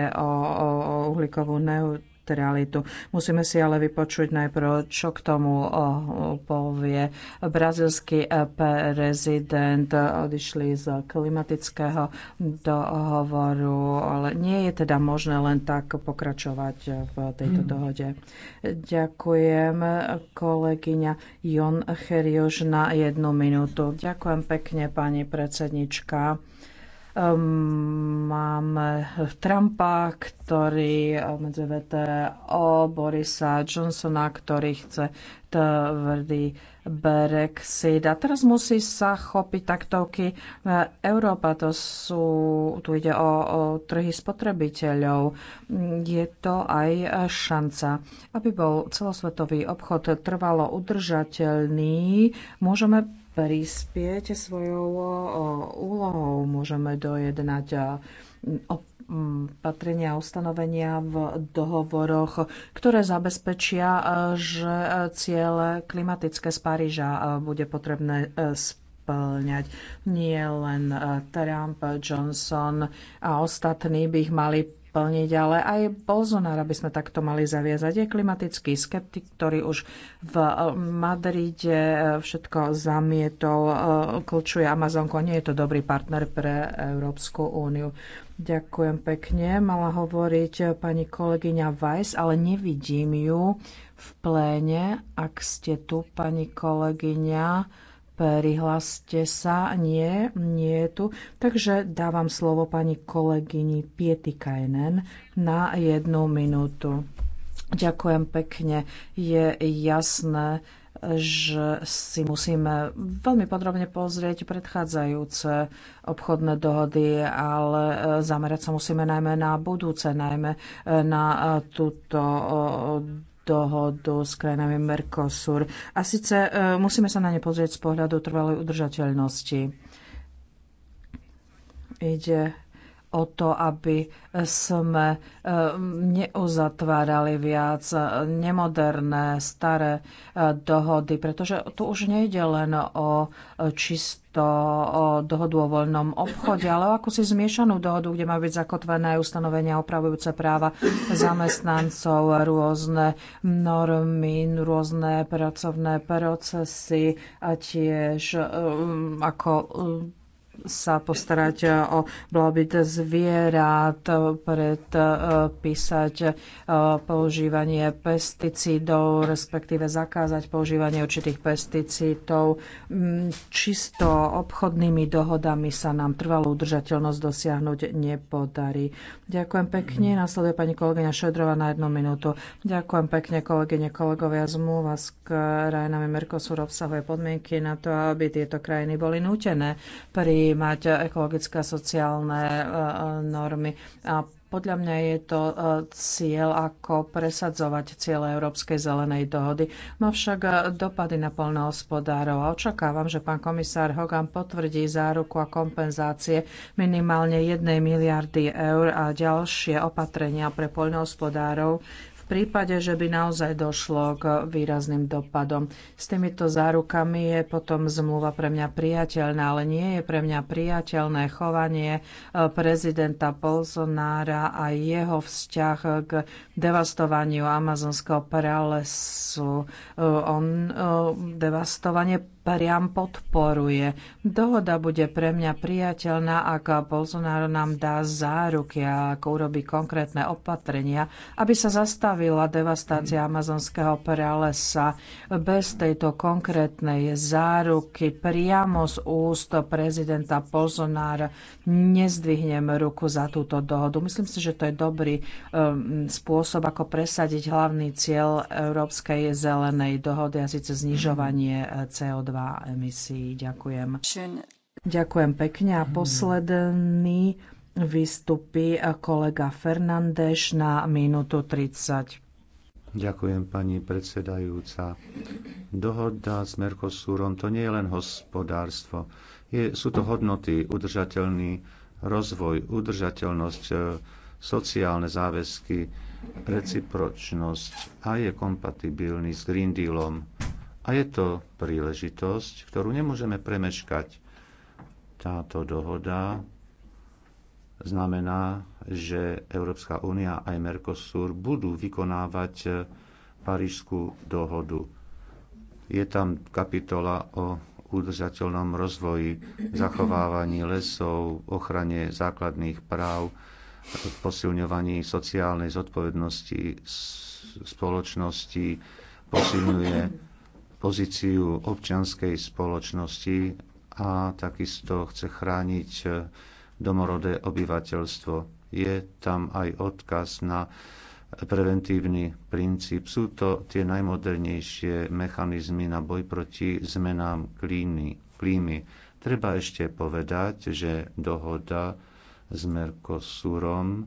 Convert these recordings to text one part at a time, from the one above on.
o, o uhlíkovú neutralitu. Musíme si ale vypočuť najprv, čo k tomu povie. brazilský e, prezident odišli z klimatického dohovoru, ale nie je teda možné len tak pokračovať v tejto mm. dohode. Ďakujem kolegyňa Jon Cheriož na jednu minútu. Ďakujem pekne, pani predsednička. Ehm, máme Trumpa, ktorý eh, medzi VTO, Borisa Johnsona, ktorý chce tvrdý Brexit. A teraz musí sa chopiť taktovky eh, Európa. To sú, tu ide o, o trhy spotrebiteľov. Mm, je to aj eh, šanca. Aby bol celosvetový obchod trvalo udržateľný, môžeme prispieť svojou úlohou. Môžeme dojednať opatrenia a ustanovenia v dohovoroch, ktoré zabezpečia, e, že e, ciele klimatické z Paríža e, bude potrebné splňať. Nie len Trump, Johnson a ostatní by ich mali plniť, ale aj Bolsonaro by sme takto mali zaviazať. Je klimatický skeptik, ktorý už v Madride e, všetko zamietol, e, klčuje Amazonko. nie je to dobrý partner pre Európsku úniu. Ďakujem pekne. Mala hovoriť pani kolegyňa Weiss, ale nevidím ju v pléne. Ak ste tu, pani kolegyňa, Prihláste sa. Nie, nie je tu. Takže dávam slovo pani kolegyni Pietikajnen na jednu minútu. Ďakujem pekne. Je jasné, že si musíme veľmi podrobne pozrieť predchádzajúce obchodné dohody, ale e, zamerať sa musíme najmä na budúce, najmä e, na e, túto dohodu s krajinami Mercosur. A síce e, musíme sa na ne pozrieť z pohľadu trvalej udržateľnosti. Ide o to, aby sme e, neuzatvárali viac nemoderné, staré e, dohody, pretože tu už nejde len o čisto to o dohodu o voľnom obchode, ale ako si zmiešanú dohodu, kde má byť zakotvené ustanovenia opravujúce práva zamestnancov, rôzne normy, rôzne pracovné procesy a tiež um, ako sa postarať o blahobyt zvierat, predpísať e, e, používanie pesticídov, respektíve zakázať používanie určitých pesticídov. Mm, čisto obchodnými dohodami sa nám trvalú udržateľnosť dosiahnuť nepodarí. Ďakujem pekne. Nasleduje pani kolegyňa Šedrova na jednu minútu. Ďakujem pekne, kolegyne, kolegovia. Zmluva s krajinami Mercosur obsahuje podmienky na to, aby tieto krajiny boli nútené pri mať ekologické a sociálne e, e, normy. A podľa mňa je to e, cieľ, ako presadzovať cieľ Európskej zelenej dohody. Má však dopady na polnohospodárov a očakávam, že pán komisár Hogan potvrdí záruku a kompenzácie minimálne 1 miliardy eur a ďalšie opatrenia pre polnohospodárov prípade, že by naozaj došlo k výrazným dopadom. S týmito zárukami je potom zmluva pre mňa priateľná, ale nie je pre mňa priateľné chovanie eh, prezidenta Bolsonára a jeho vzťah k devastovaniu amazonského pralesu. Eh, on eh, devastovanie priam podporuje. Dohoda bude pre mňa priateľná, ak Bolsonaro nám dá záruky a ak urobí konkrétne opatrenia, aby sa zastavila devastácia amazonského pralesa. Bez tejto konkrétnej záruky priamo z úst prezidenta Bolsonaro nezdvihnem ruku za túto dohodu. Myslím si, že to je dobrý um, spôsob, ako presadiť hlavný cieľ Európskej zelenej dohody a síce znižovanie uh, CO2 2 emisí. Ďakujem. Ďakujem pekne a mhm. posledný vystupí kolega Fernandeš na minútu 30. Ďakujem, pani predsedajúca. Dohoda s Mercosurom to nie je len hospodárstvo. Je, sú to hodnoty, udržateľný rozvoj, udržateľnosť, e, sociálne záväzky, recipročnosť a je kompatibilný s Green Dealom a je to príležitosť, ktorú nemôžeme premeškať. Táto dohoda znamená, že Európska únia aj Mercosur budú vykonávať e, Parížskú dohodu. Je tam kapitola o udržateľnom rozvoji, zachovávaní lesov, ochrane základných práv, posilňovaní sociálnej zodpovednosti spoločnosti, posilňuje pozíciu občianskej spoločnosti a takisto chce chrániť eh, domorodé obyvateľstvo. Je tam aj odkaz na preventívny princíp. Sú to tie najmodernejšie mechanizmy na boj proti zmenám klíny, klímy. Treba ešte povedať, že dohoda s Mercosurom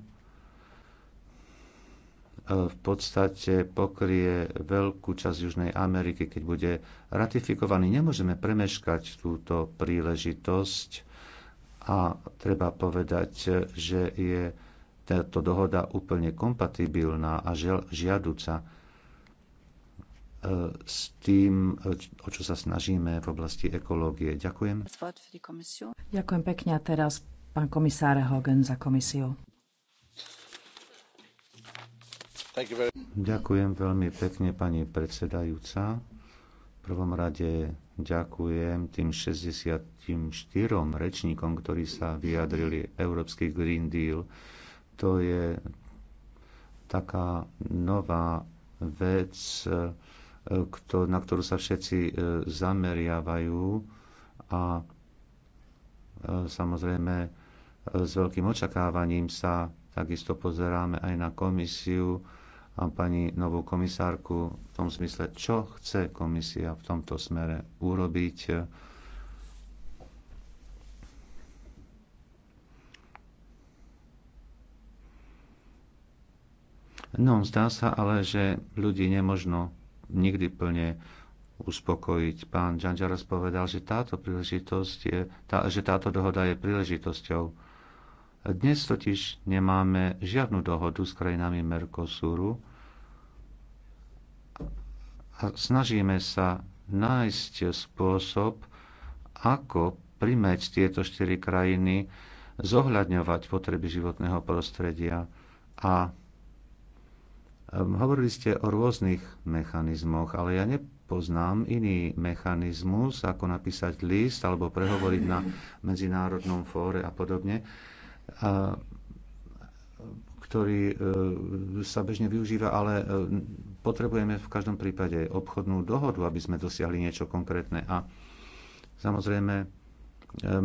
E, v podstate pokrie veľkú časť Južnej Ameriky, keď bude ratifikovaný. Nemôžeme premeškať túto príležitosť a treba povedať, že je táto dohoda úplne kompatibilná a žiaduca e, s tým, o čo sa snažíme v oblasti ekológie. Ďakujem. Ďakujem pekne a teraz pán komisár Hogan za komisiu. Ďakujem veľmi pekne, pani predsedajúca. V prvom rade ďakujem tým 64 rečníkom, ktorí sa vyjadrili Európsky Green Deal. To je taká nová vec, na ktorú sa všetci e, zameriavajú a e, samozrejme e, s veľkým očakávaním sa takisto pozeráme aj na komisiu, a pani novú komisárku v tom smysle, čo chce komisia v tomto smere urobiť. No, zdá sa ale, že ľudí nemožno nikdy plne uspokojiť. Pán Džanžaras povedal, že táto príležitosť je, tá, že táto dohoda je príležitosťou dnes totiž nemáme žiadnu dohodu s krajinami Mercosuru a snažíme sa nájsť spôsob, ako primeť tieto štyri krajiny zohľadňovať potreby životného prostredia a um, Hovorili ste o rôznych mechanizmoch, ale ja nepoznám iný mechanizmus, ako napísať list alebo prehovoriť na medzinárodnom fóre a podobne a, ktorý e, sa bežne využíva, ale e, potrebujeme v každom prípade obchodnú dohodu, aby sme dosiahli niečo konkrétne. A samozrejme, e,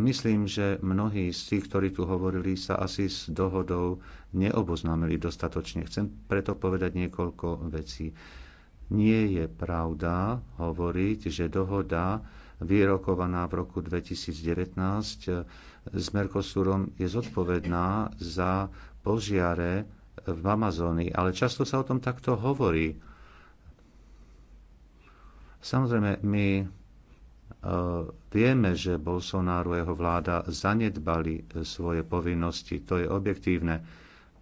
myslím, že mnohí z tých, ktorí tu hovorili, sa asi s dohodou neoboznámili dostatočne. Chcem preto povedať niekoľko vecí. Nie je pravda hovoriť, že dohoda vyrokovaná v roku 2019 s Mercosurom je zodpovedná za požiare v Amazónii, ale často sa o tom takto hovorí. Samozrejme, my e, vieme, že Bolsonaro a jeho vláda zanedbali e, svoje povinnosti. To je objektívne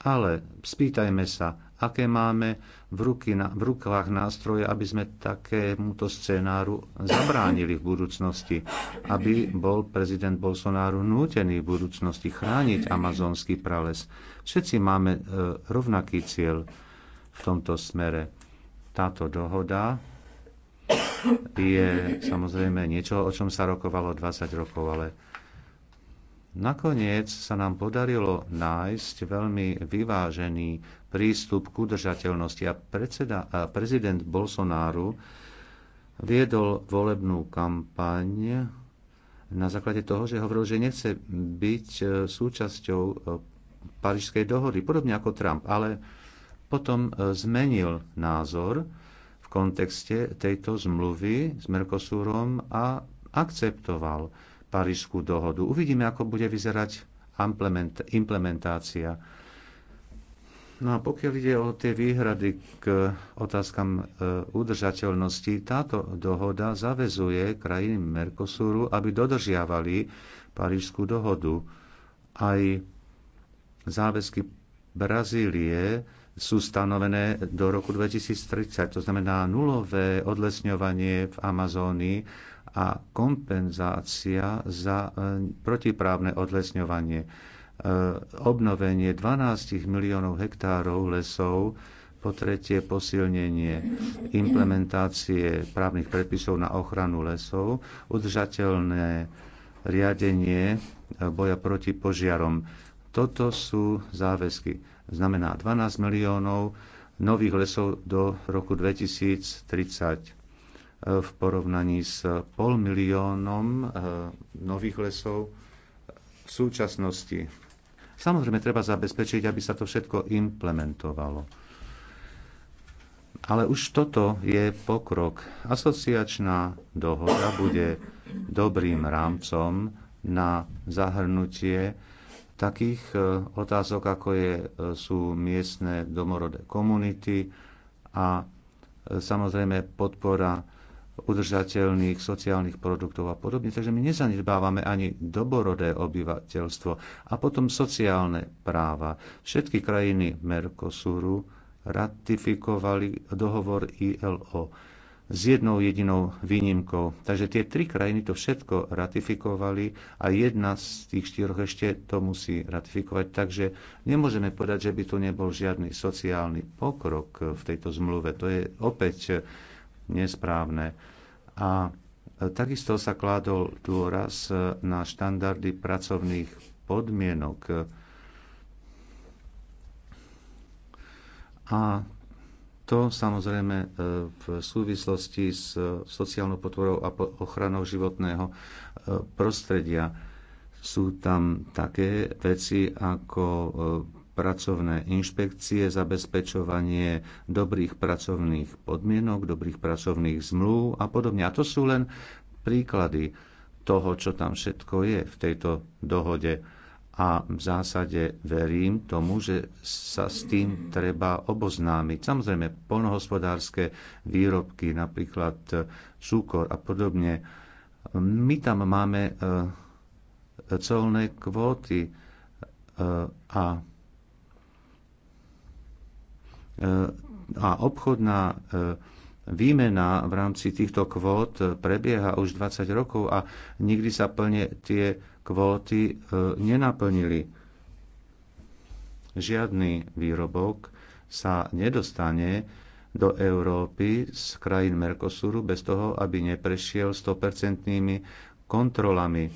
ale spýtajme sa, aké máme v, ruky, v rukách nástroje, aby sme takémuto scénáru zabránili v budúcnosti, aby bol prezident Bolsonaro nútený v budúcnosti chrániť amazonský prales. Všetci máme e, rovnaký cieľ v tomto smere. Táto dohoda je samozrejme niečo, o čom sa rokovalo 20 rokov, ale Nakoniec sa nám podarilo nájsť veľmi vyvážený prístup k udržateľnosti a, predseda, a prezident Bolsonaro viedol volebnú kampaň na základe toho, že hovoril, že nechce byť e, súčasťou e, Parížskej dohody, podobne ako Trump, ale potom e, zmenil názor v kontexte tejto zmluvy s Mercosurom a akceptoval Parížskú dohodu. Uvidíme, ako bude vyzerať implementácia. No a pokiaľ ide o tie výhrady k otázkam e, udržateľnosti, táto dohoda zavezuje krajiny Mercosuru, aby dodržiavali Parížskú dohodu. Aj záväzky Brazílie sú stanovené do roku 2030. To znamená nulové odlesňovanie v Amazónii a kompenzácia za e, protiprávne odlesňovanie. E, obnovenie 12 miliónov hektárov lesov po tretie posilnenie implementácie právnych predpisov na ochranu lesov, udržateľné riadenie e, boja proti požiarom. Toto sú záväzky znamená 12 miliónov nových lesov do roku 2030 e, v porovnaní s pol miliónom e, nových lesov v súčasnosti. Samozrejme, treba zabezpečiť, aby sa to všetko implementovalo. Ale už toto je pokrok. Asociačná dohoda bude dobrým rámcom na zahrnutie takých e, otázok, ako je, e, sú miestne domorodé komunity a e, samozrejme podpora udržateľných sociálnych produktov a podobne. Takže my nezanedbávame ani doborodé obyvateľstvo a potom sociálne práva. Všetky krajiny Mercosuru ratifikovali dohovor ILO s jednou jedinou výnimkou. Takže tie tri krajiny to všetko ratifikovali a jedna z tých štyroch ešte to musí ratifikovať. Takže nemôžeme povedať, že by tu nebol žiadny sociálny pokrok v tejto zmluve. To je opäť nesprávne. A takisto sa kládol dôraz na štandardy pracovných podmienok. A to samozrejme e, v súvislosti s e, sociálnou potvorou a ochranou životného e, prostredia. Sú tam také veci ako pracovné inšpekcie, zabezpečovanie dobrých pracovných podmienok, dobrých pracovných zmluv a podobne. A to sú len príklady toho, čo tam všetko je v tejto dohode a v zásade verím tomu, že sa s tým treba oboznámiť. Samozrejme, polnohospodárske výrobky, napríklad e, cukor a podobne. My tam máme e, colné kvóty e, a, a obchodná výmena v rámci týchto kvót prebieha už 20 rokov a nikdy sa plne tie kvóty e, nenaplnili. Žiadny výrobok sa nedostane do Európy z krajín Mercosuru bez toho, aby neprešiel 100% kontrolami.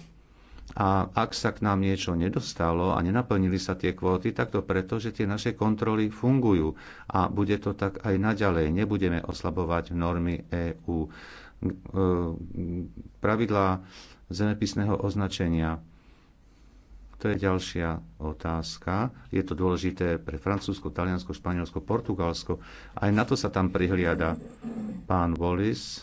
A ak sa k nám niečo nedostalo a nenaplnili sa tie kvóty, tak to preto, že tie naše kontroly fungujú. A bude to tak aj naďalej. Nebudeme oslabovať normy EÚ. E, pravidlá zemepisného označenia. To je ďalšia otázka. Je to dôležité pre Francúzsko, Taliansko, Španielsko, Portugalsko. Aj na to sa tam prihliada. Pán Wallis e,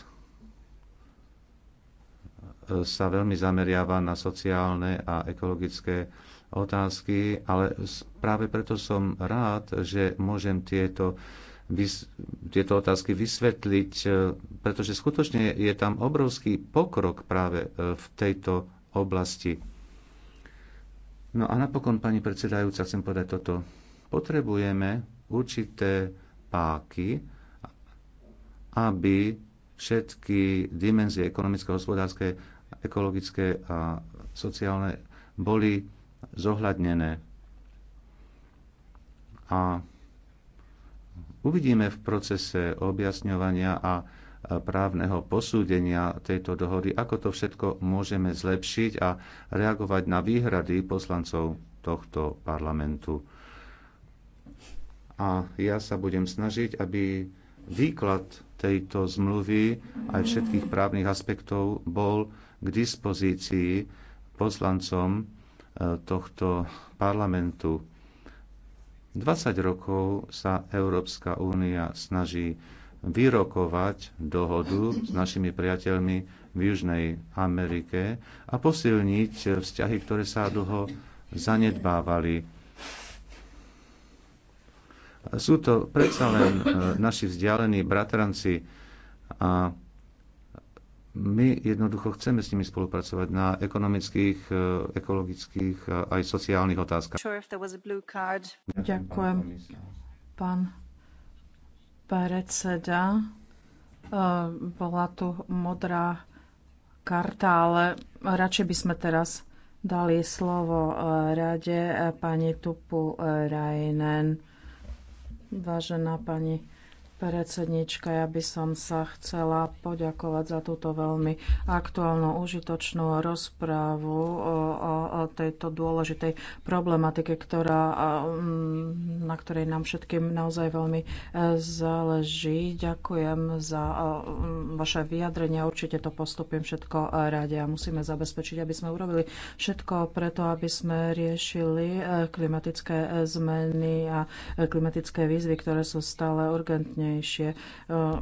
sa veľmi zameriava na sociálne a ekologické otázky, ale práve preto som rád, že môžem tieto tieto otázky vysvetliť, e, pretože skutočne je tam obrovský pokrok práve e, v tejto oblasti. No a napokon, pani predsedajúca, chcem povedať toto. Potrebujeme určité páky, aby všetky dimenzie ekonomické, hospodárske, ekologické a sociálne boli zohľadnené. A Uvidíme v procese objasňovania a právneho posúdenia tejto dohody, ako to všetko môžeme zlepšiť a reagovať na výhrady poslancov tohto parlamentu. A ja sa budem snažiť, aby výklad tejto zmluvy aj všetkých právnych aspektov bol k dispozícii poslancom e, tohto parlamentu. 20 rokov sa Európska únia snaží vyrokovať dohodu s našimi priateľmi v Južnej Amerike a posilniť vzťahy, ktoré sa dlho zanedbávali. Sú to predsa len e, naši vzdialení bratranci a my jednoducho chceme s nimi spolupracovať na ekonomických, e, ekologických a aj sociálnych otázkach. Ďakujem, pán predseda. E, bola tu modrá karta, ale radšej by sme teraz dali slovo e, rade pani Tupu Rajnen. Vážená pani predsednička, ja by som sa chcela poďakovať za túto veľmi aktuálnu, užitočnú rozprávu o, o, o tejto dôležitej problematike, ktorá, na ktorej nám všetkým naozaj veľmi e, záleží. Ďakujem za e, vaše vyjadrenie. Určite to postupím všetko rade a musíme zabezpečiť, aby sme urobili všetko preto, aby sme riešili e, klimatické zmeny a klimatické výzvy, ktoré sú stále urgentne účinnejšie. Uh,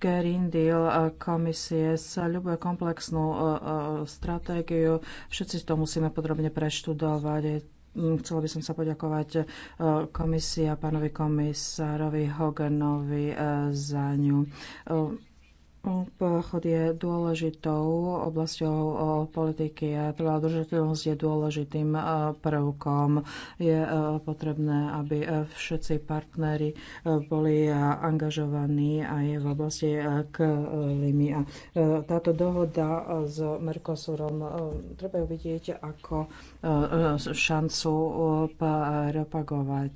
Green Deal uh, komisie sa ľubuje komplexnú uh, stratégiu. Všetci to musíme podrobne preštudovať. Mm, chcela by som sa poďakovať komisii a pánovi komisárovi Hoganovi za ňu. Obchod je dôležitou oblasťou politiky a trvalá udržateľnosť je dôležitým e, prvkom. Je e, potrebné, aby e, všetci partnery boli angažovaní aj v oblasti klímy. A táto dohoda s Mercosurom treba vidieť ako šancu propagovať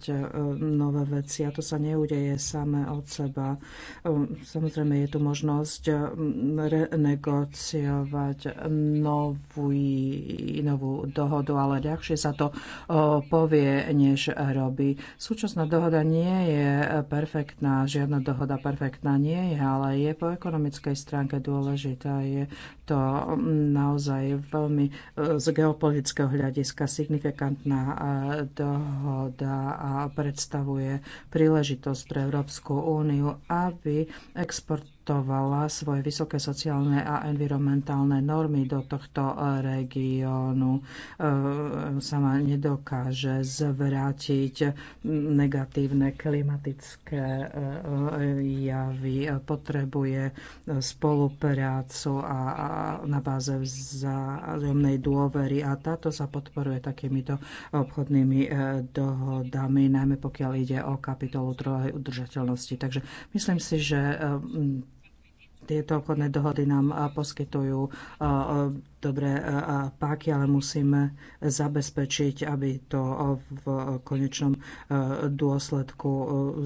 nové veci a to sa neudeje samé od seba. Samozrejme je tu možnosť možnosť eh, renegociovať novú, novú dohodu, ale ľahšie sa to eh, povie, než robí. Súčasná dohoda nie je perfektná, žiadna dohoda perfektná nie je, ale je po ekonomickej stránke dôležitá. Je to mm, naozaj veľmi eh, z geopolitického hľadiska signifikantná dohoda a predstavuje príležitosť pre Európsku úniu, aby export adaptovala svoje vysoké sociálne a environmentálne normy do tohto eh, regiónu. Eh, sama nedokáže zvrátiť eh, negatívne klimatické javy. Potrebuje spoluprácu a na báze vzájomnej dôvery a táto sa podporuje takýmito obchodnými dohodami, najmä pokiaľ ide o kapitolu trvalej udržateľnosti. Takže myslím si, že tieto obchodné dohody nám poskytujú dobré páky, ale musíme zabezpečiť, aby to v konečnom dôsledku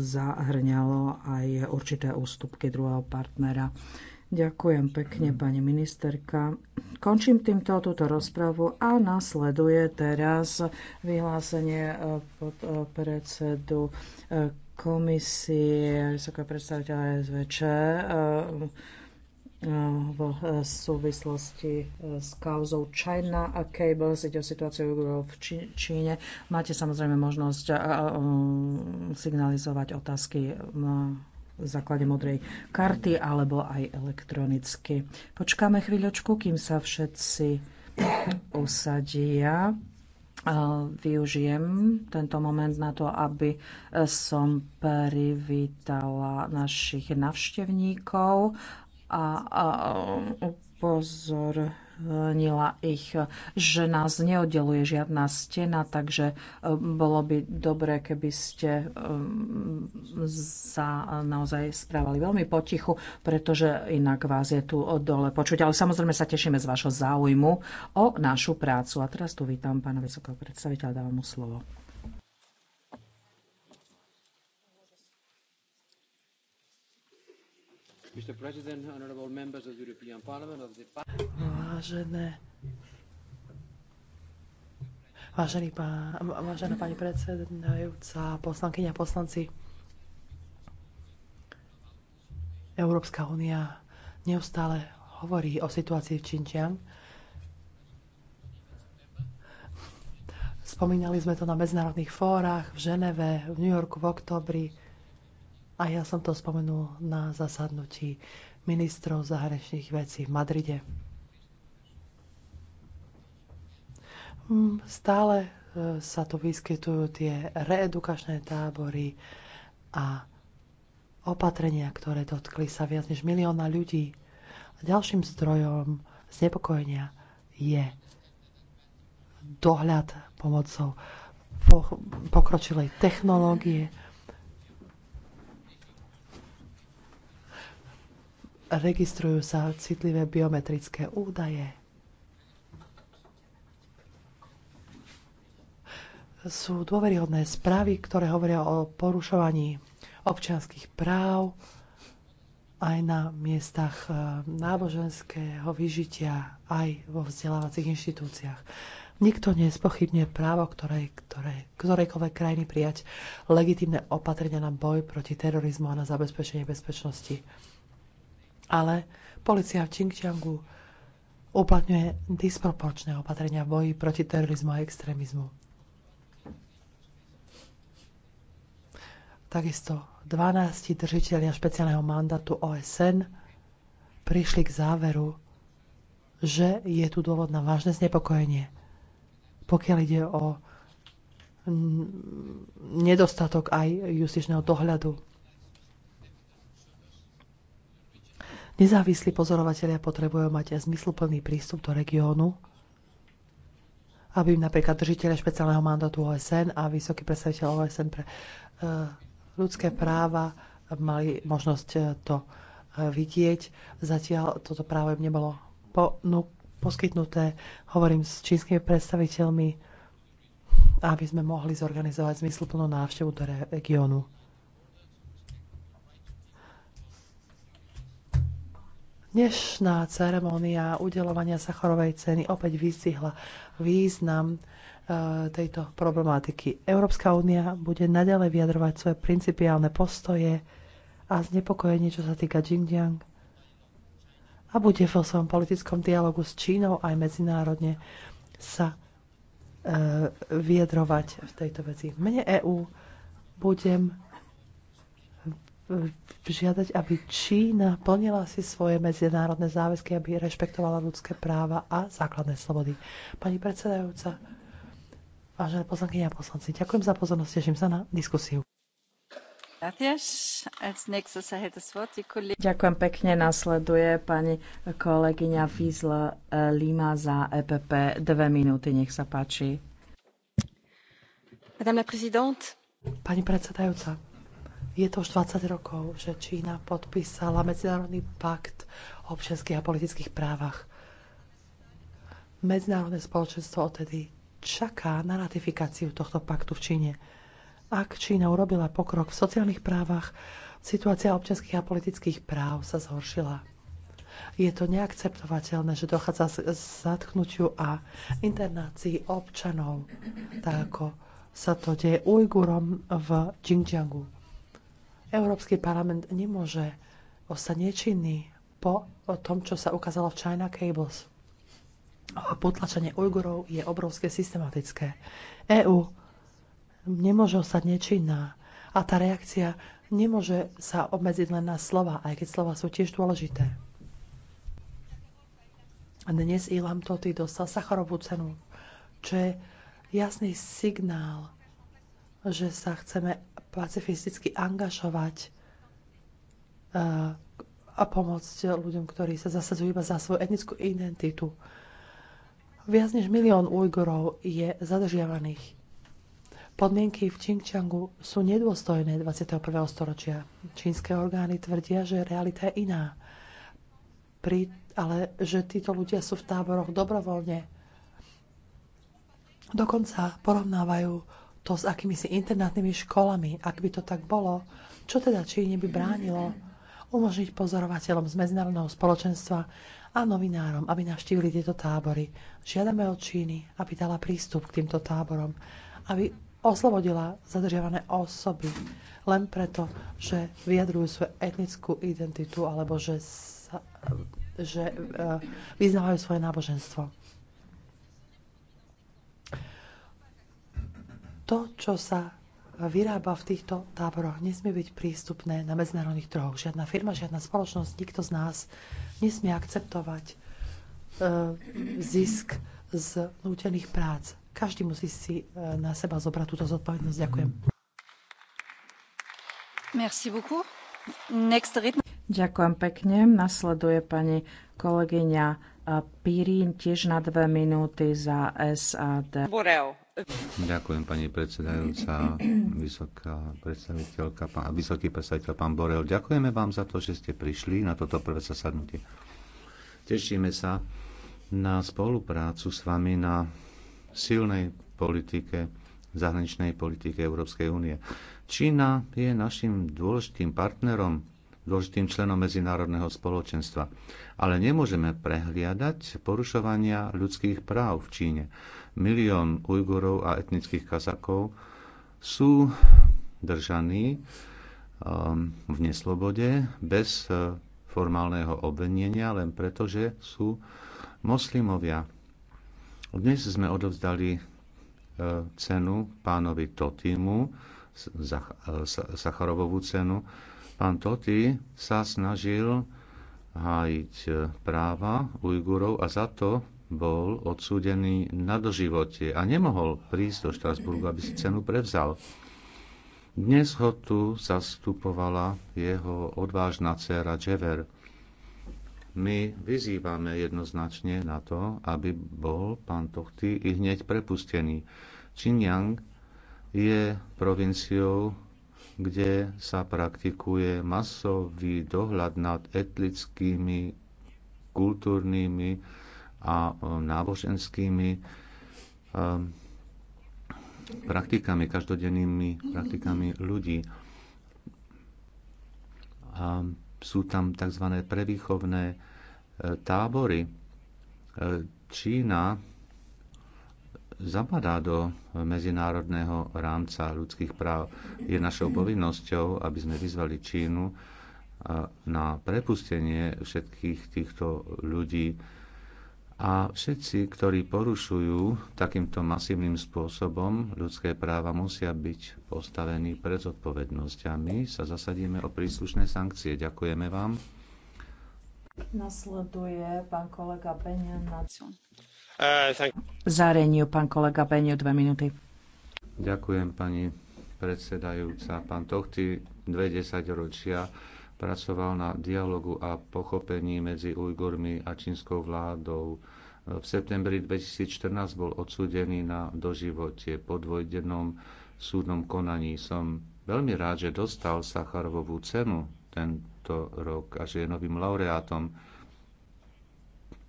zahrňalo aj určité ústupky druhého partnera. Ďakujem pekne, pani ministerka. Končím týmto túto rozpravu a nasleduje teraz vyhlásenie pod predsedu komisie Vysoká predstaviteľa SVČ eh, eh, v súvislosti eh, s kauzou China Cables, ide o situáciu v Číne. Máte samozrejme možnosť signalizovať otázky na základe modrej karty alebo aj elektronicky. Počkáme chvíľočku, kým sa všetci usadia. Eh, využijem tento moment na to, aby eh, som privítala našich navštevníkov a, a eh, upozorňujem chránila ich, že nás neoddeluje žiadna stena, takže e, bolo by dobré, keby ste e, sa naozaj správali veľmi potichu, pretože inak vás je tu dole počuť. Ale samozrejme sa tešíme z vašho záujmu o našu prácu. A teraz tu vítam pána vysokého predstaviteľa, dávam mu slovo. Vážené Vážený pán, vážená pani predsedajúca, poslankyňa, poslanci, Európska únia neustále hovorí o situácii v Činčian. Spomínali sme to na medzinárodných fórach v Ženeve, v New Yorku v oktobri a ja som to spomenul na zasadnutí ministrov zahraničných vecí v Madride. Stále e, sa tu vyskytujú tie reedukačné tábory a opatrenia, ktoré dotkli sa viac než milióna ľudí. A ďalším zdrojom znepokojenia je dohľad pomocou po- pokročilej technológie, registrujú sa citlivé biometrické údaje, sú dôveryhodné správy, ktoré hovoria o porušovaní občianských práv aj na miestach eh, náboženského vyžitia, aj vo vzdelávacích inštitúciách. Nikto nespochybne právo ktoré, ktoré, ktorejkoľvek krajiny prijať legitimné opatrenia na boj proti terorizmu a na zabezpečenie bezpečnosti. Ale policia v Čingčiangu uplatňuje disproporčné opatrenia v boji proti terorizmu a extrémizmu. takisto 12 držiteľia špeciálneho mandátu OSN prišli k záveru, že je tu dôvod na vážne znepokojenie. Pokiaľ ide o nedostatok aj justičného dohľadu. Nezávislí pozorovatelia potrebujú mať zmysluplný prístup do regiónu, aby napríklad držiteľe špeciálneho mandátu OSN a vysoký predstaviteľ OSN pre eh, ľudské práva mali možnosť eh, to eh, vidieť. Zatiaľ toto právo im nebolo poskytnuté. Hovorím s čínskymi predstaviteľmi, aby sme mohli zorganizovať zmysluplnú návštevu do regiónu. Dnešná ceremónia udelovania Sachorovej ceny opäť vyzdvihla význam Eh, tejto problematiky. Európska únia bude naďalej vyjadrovať svoje principiálne postoje a znepokojenie, čo sa týka Xinjiang a bude vo svojom politickom dialogu s Čínou aj medzinárodne sa e, vyjadrovať v tejto veci. V mene EÚ budem eh, žiadať, aby Čína plnila si svoje medzinárodné záväzky, aby rešpektovala ľudské práva a základné slobody. Pani predsedajúca, Vážené poslanky a poslanci, ďakujem za pozornosť, teším sa na diskusiu. Ďakujem pekne. Nasleduje pani kolegyňa Fizl eh, Lima za EPP. Dve minúty, nech sa páči. Pani predsedajúca, je to už 20 rokov, že Čína podpísala Medzinárodný pakt o občianských a politických právach. Medzinárodné spoločenstvo odtedy čaká na ratifikáciu tohto paktu v Číne. Ak Čína urobila pokrok v sociálnych právach, situácia občanských a politických práv sa zhoršila. Je to neakceptovateľné, že dochádza k zatknutiu a internácii občanov, tak ako sa to deje Ujgurom v Xinjiangu. Európsky parlament nemôže ostať nečinný po tom, čo sa ukázalo v China Cables potlačenie Ujgurov je obrovské systematické. EÚ nemôže ostať nečinná a tá reakcia nemôže sa obmedziť len na slova, aj keď slova sú tiež dôležité. A dnes Ilham Toty dostal Sacharovú cenu, čo je jasný signál, že sa chceme pacifisticky angažovať eh, a pomôcť ľuďom, ktorí sa zasadzujú iba za svoju etnickú identitu. Viac než milión Ujgurov je zadržiavaných. Podmienky v Čingčangu sú nedôstojné 21. storočia. Čínske orgány tvrdia, že realita je iná. Pri, ale že títo ľudia sú v táboroch dobrovoľne. Dokonca porovnávajú to s akýmisi internátnymi školami. Ak by to tak bolo, čo teda Číne by bránilo umožniť pozorovateľom z medzinárodného spoločenstva a novinárom, aby navštívili tieto tábory. Žiadame od Číny, aby dala prístup k týmto táborom, aby oslobodila zadržiavané osoby len preto, že vyjadrujú svoju etnickú identitu alebo že, sa, že e, vyznávajú svoje náboženstvo. To, čo sa vyrába v týchto táboroch, nesmie byť prístupné na medzinárodných trhoch. Žiadna firma, žiadna spoločnosť, nikto z nás nesmie akceptovať e, zisk z nútených prác. Každý musí si e, na seba zobrať túto zodpovednosť. Ďakujem. Merci beaucoup. Next Ďakujem pekne. Nasleduje pani kolegyňa eh, Pirín tiež na dve minúty za SAD. Boreo Ďakujem, pani predsedajúca, vysoká predstaviteľka, pán, vysoký predstaviteľ pán Borel. Ďakujeme vám za to, že ste prišli na toto prvé zasadnutie. Tešíme sa na spoluprácu s vami na silnej politike, zahraničnej politike Európskej únie. Čína je našim dôležitým partnerom dôležitým členom medzinárodného spoločenstva. Ale nemôžeme prehliadať porušovania ľudských práv v Číne. Milión Ujgurov a etnických Kazakov sú držaní um, v neslobode bez uh, formálneho obvinenia len preto, že sú moslimovia. Dnes sme odovzdali uh, cenu pánovi Totimu, uh, Sacharovovú cenu, Pán Toti sa snažil hájiť e, práva Ujgurov a za to bol odsúdený na doživote a nemohol prísť do Štrasburgu, aby si cenu prevzal. Dnes ho tu zastupovala jeho odvážna dcéra Jever. My vyzývame jednoznačne na to, aby bol pán Tohty i hneď prepustený. Xinjiang je provinciou kde sa praktikuje masový dohľad nad etnickými, kultúrnymi a e, náboženskými e, praktikami, každodennými praktikami ľudí. A sú tam tzv. prevýchovné e, tábory. Čína zapadá do medzinárodného rámca ľudských práv. Je našou povinnosťou, aby sme vyzvali Čínu na prepustenie všetkých týchto ľudí a všetci, ktorí porušujú takýmto masívnym spôsobom ľudské práva, musia byť postavení pred zodpovednosť. A my sa zasadíme o príslušné sankcie. Ďakujeme vám. Nasleduje pán kolega Benian Nacion. Uh, Záreniu, pán kolega Beniu, dve minúty. Ďakujem, pani predsedajúca. Pán Tohty, dve desaťročia pracoval na dialogu a pochopení medzi Ujgurmi a čínskou vládou. V septembri 2014 bol odsúdený na doživote po dvojdennom súdnom konaní. Som veľmi rád, že dostal Sacharovú cenu tento rok a že je novým laureátom.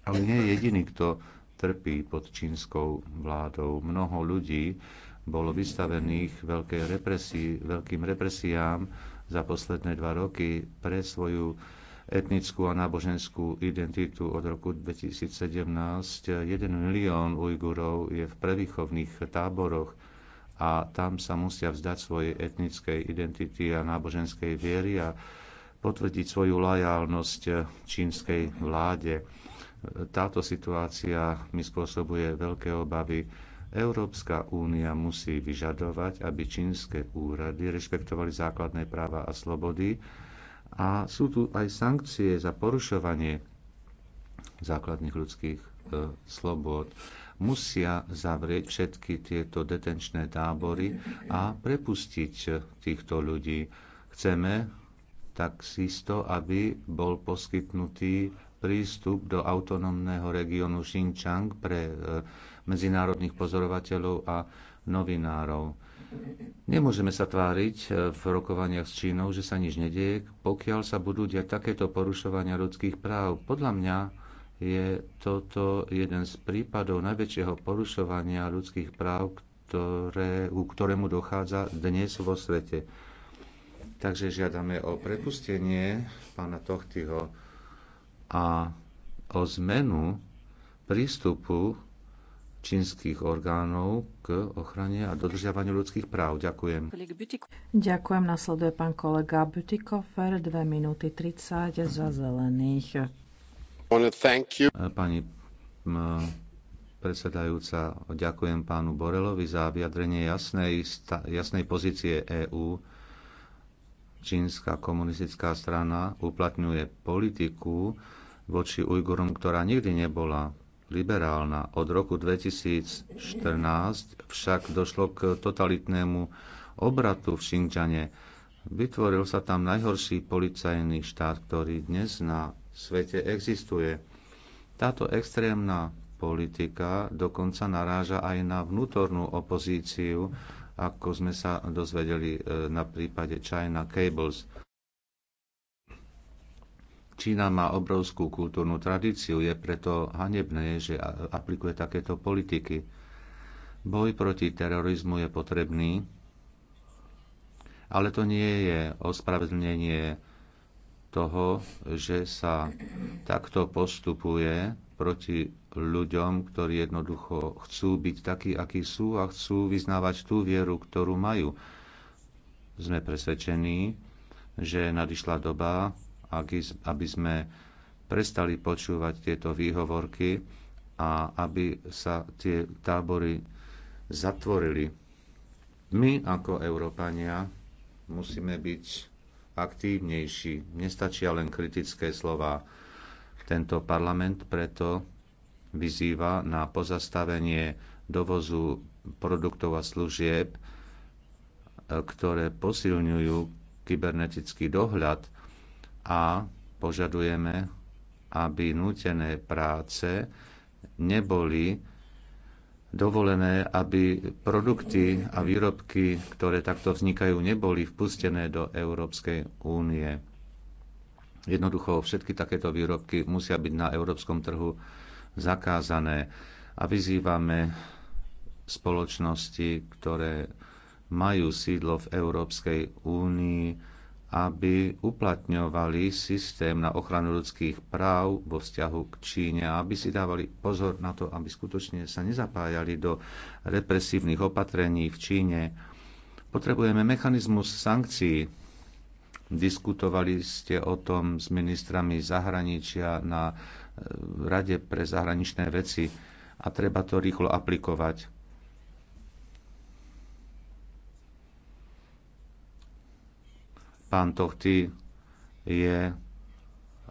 Ale nie je jediný, kto trpí pod čínskou vládou. Mnoho ľudí bolo vystavených veľké represi, veľkým represiám za posledné dva roky pre svoju etnickú a náboženskú identitu od roku 2017. 1 milión Ujgurov je v prevýchovných táboroch a tam sa musia vzdať svojej etnickej identity a náboženskej viery a potvrdiť svoju lojálnosť čínskej vláde. Táto situácia mi spôsobuje veľké obavy. Európska únia musí vyžadovať, aby čínske úrady rešpektovali základné práva a slobody a sú tu aj sankcie za porušovanie základných ľudských e, slobod. Musia zavrieť všetky tieto detenčné tábory a prepustiť týchto ľudí. Chceme takisto, aby bol poskytnutý prístup do autonómneho regiónu Xinjiang pre e, medzinárodných pozorovateľov a novinárov. Nemôžeme sa tváriť e, v rokovaniach s Čínou, že sa nič nedieje, pokiaľ sa budú diať takéto porušovania ľudských práv. Podľa mňa je toto jeden z prípadov najväčšieho porušovania ľudských práv, ktoré, ku ktorému dochádza dnes vo svete. Takže žiadame o prepustenie pána Tochtyho a o zmenu prístupu čínskych orgánov k ochrane a dodržiavaniu ľudských práv. Ďakujem. Ďakujem. Nasleduje pán kolega Butikofer, 2 minúty 30 za zelených. E, pani predsedajúca, ďakujem pánu Borelovi za vyjadrenie jasnej, jasnej pozície EÚ. Čínska komunistická strana uplatňuje politiku, voči Ujgurom, ktorá nikdy nebola liberálna. Od roku 2014 však došlo k totalitnému obratu v Xinjiane. Vytvoril sa tam najhorší policajný štát, ktorý dnes na svete existuje. Táto extrémna politika dokonca naráža aj na vnútornú opozíciu, ako sme sa dozvedeli e, na prípade China Cables. Čína má obrovskú kultúrnu tradíciu, je preto hanebné, že aplikuje takéto politiky. Boj proti terorizmu je potrebný, ale to nie je ospravedlnenie toho, že sa takto postupuje proti ľuďom, ktorí jednoducho chcú byť takí, akí sú a chcú vyznávať tú vieru, ktorú majú. Sme presvedčení, že nadišla doba, aby sme prestali počúvať tieto výhovorky a aby sa tie tábory zatvorili. My ako Európania musíme byť aktívnejší. Nestačia len kritické slova. Tento parlament preto vyzýva na pozastavenie dovozu produktov a služieb, ktoré posilňujú kybernetický dohľad a požadujeme, aby nútené práce neboli dovolené, aby produkty a výrobky, ktoré takto vznikajú, neboli vpustené do Európskej únie. Jednoducho všetky takéto výrobky musia byť na európskom trhu zakázané a vyzývame spoločnosti, ktoré majú sídlo v Európskej únii, aby uplatňovali systém na ochranu ľudských práv vo vzťahu k Číne a aby si dávali pozor na to, aby skutočne sa nezapájali do represívnych opatrení v Číne. Potrebujeme mechanizmus sankcií. Diskutovali ste o tom s ministrami zahraničia na eh, Rade pre zahraničné veci a treba to rýchlo aplikovať Pán Tohty je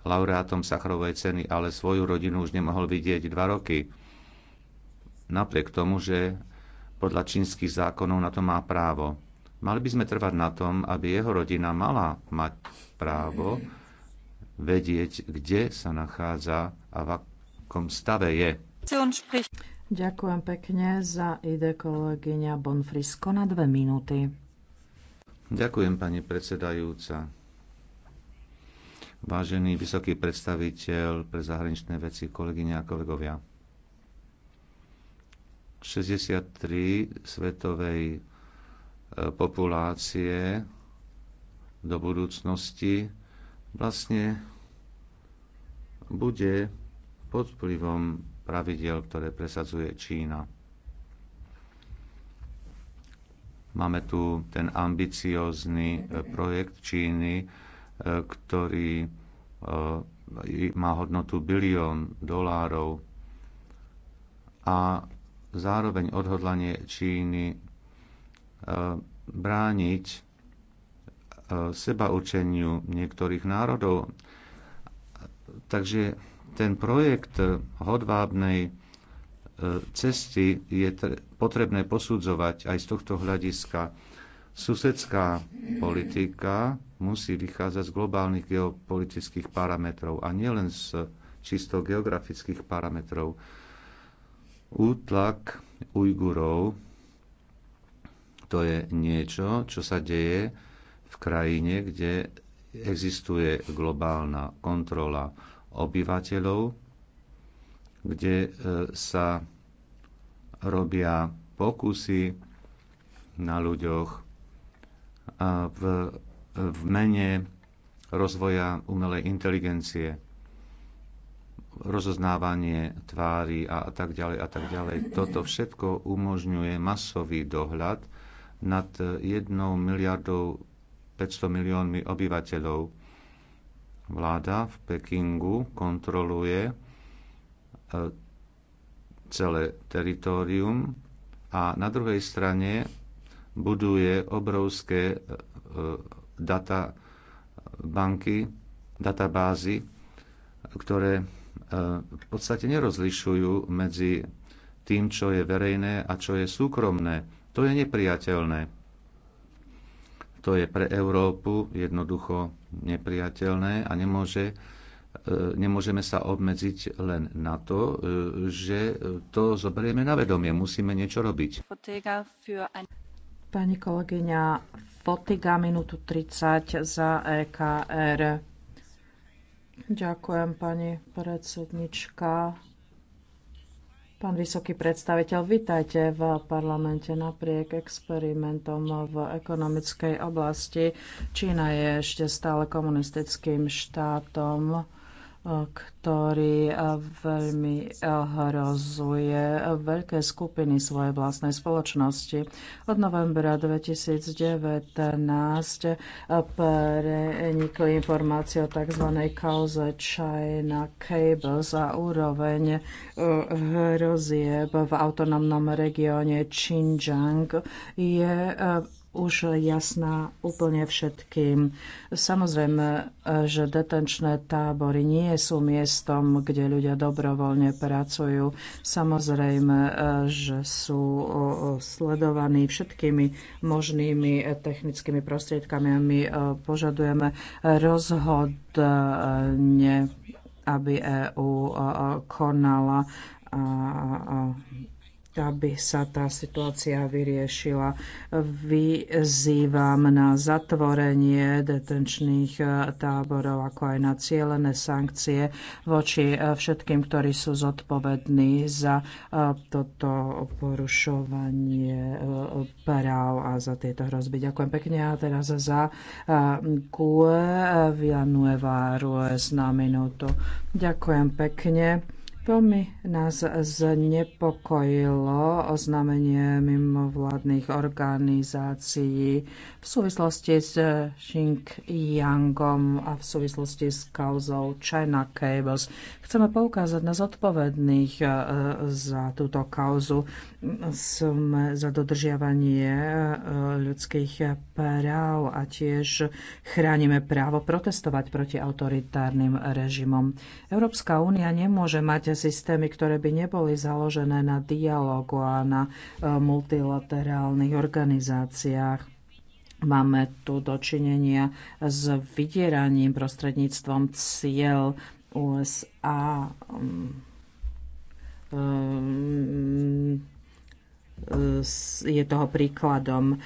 laureátom Sacharovej ceny, ale svoju rodinu už nemohol vidieť dva roky. Napriek tomu, že podľa čínskych zákonov na to má právo. Mali by sme trvať na tom, aby jeho rodina mala mať právo vedieť, kde sa nachádza a v akom stave je. Ďakujem pekne za ide kolegyňa Bonfrisko na dve minúty. Ďakujem, pani predsedajúca. Vážený vysoký predstaviteľ pre zahraničné veci, kolegyne a kolegovia. 63 svetovej e, populácie do budúcnosti vlastne bude pod vplyvom pravidel, ktoré presadzuje Čína. Máme tu ten ambiciózny e, projekt Číny, e, ktorý e, má hodnotu bilión dolárov a zároveň odhodlanie Číny brániť seba učeniu niektorých národov. Takže ten projekt hodvábnej cesty je potrebné posudzovať aj z tohto hľadiska. Susedská politika musí vychádzať z globálnych geopolitických parametrov a nielen z čisto geografických parametrov. Útlak Ujgurov to je niečo, čo sa deje v krajine, kde existuje globálna kontrola obyvateľov kde e, sa robia pokusy na ľuďoch v, v mene rozvoja umelej inteligencie, rozoznávanie tvári a, a tak ďalej a tak ďalej. Toto všetko umožňuje masový dohľad nad jednou miliardou 500 miliónmi obyvateľov. Vláda v Pekingu kontroluje E, celé teritorium a na druhej strane buduje obrovské e, data banky, databázy, ktoré e, v podstate nerozlišujú medzi tým, čo je verejné a čo je súkromné. To je nepriateľné. To je pre Európu jednoducho nepriateľné a nemôže E, nemôžeme sa obmedziť len na to, e, že to zoberieme na vedomie. Musíme niečo robiť. Pani kolegyňa Fotiga, minútu 30 za EKR. Ďakujem, pani predsednička. Pán vysoký predstaviteľ, vitajte v parlamente napriek experimentom v ekonomickej oblasti. Čína je ešte stále komunistickým štátom ktorý eh, veľmi eh, hrozuje veľké skupiny svojej vlastnej spoločnosti. Od novembra 2019 eh, prenikli informácie o tzv. kauze China Cables a úroveň hrozieb v autonómnom regióne Xinjiang je už jasná úplne všetkým. Samozrejme, že detenčné tábory nie sú miestom, kde ľudia dobrovoľne pracujú. Samozrejme, že sú sledovaní všetkými možnými technickými prostriedkami a my požadujeme rozhodne, aby EÚ konala a aby sa tá situácia vyriešila. Vyzývam na zatvorenie detenčných eh, táborov, ako aj na cielené sankcie voči eh, všetkým, ktorí sú zodpovední za eh, toto porušovanie práv a za tieto hrozby. Ďakujem pekne a teraz za Gue Villanueva Rues na minútu. Ďakujem pekne. Veľmi nás znepokojilo oznámenie mimovládnych organizácií v súvislosti s Yangom a v súvislosti s kauzou China Cables. Chceme poukázať na zodpovedných e, za túto kauzu. Sme za dodržiavanie e, ľudských práv a tiež chránime právo protestovať proti autoritárnym režimom. Európska únia nemôže mať systémy, ktoré by neboli založené na dialogu a na e, multilaterálnych organizáciách. Máme tu dočinenia s vydieraním prostredníctvom cieľ USA. Ehm, ehm, je toho príkladom.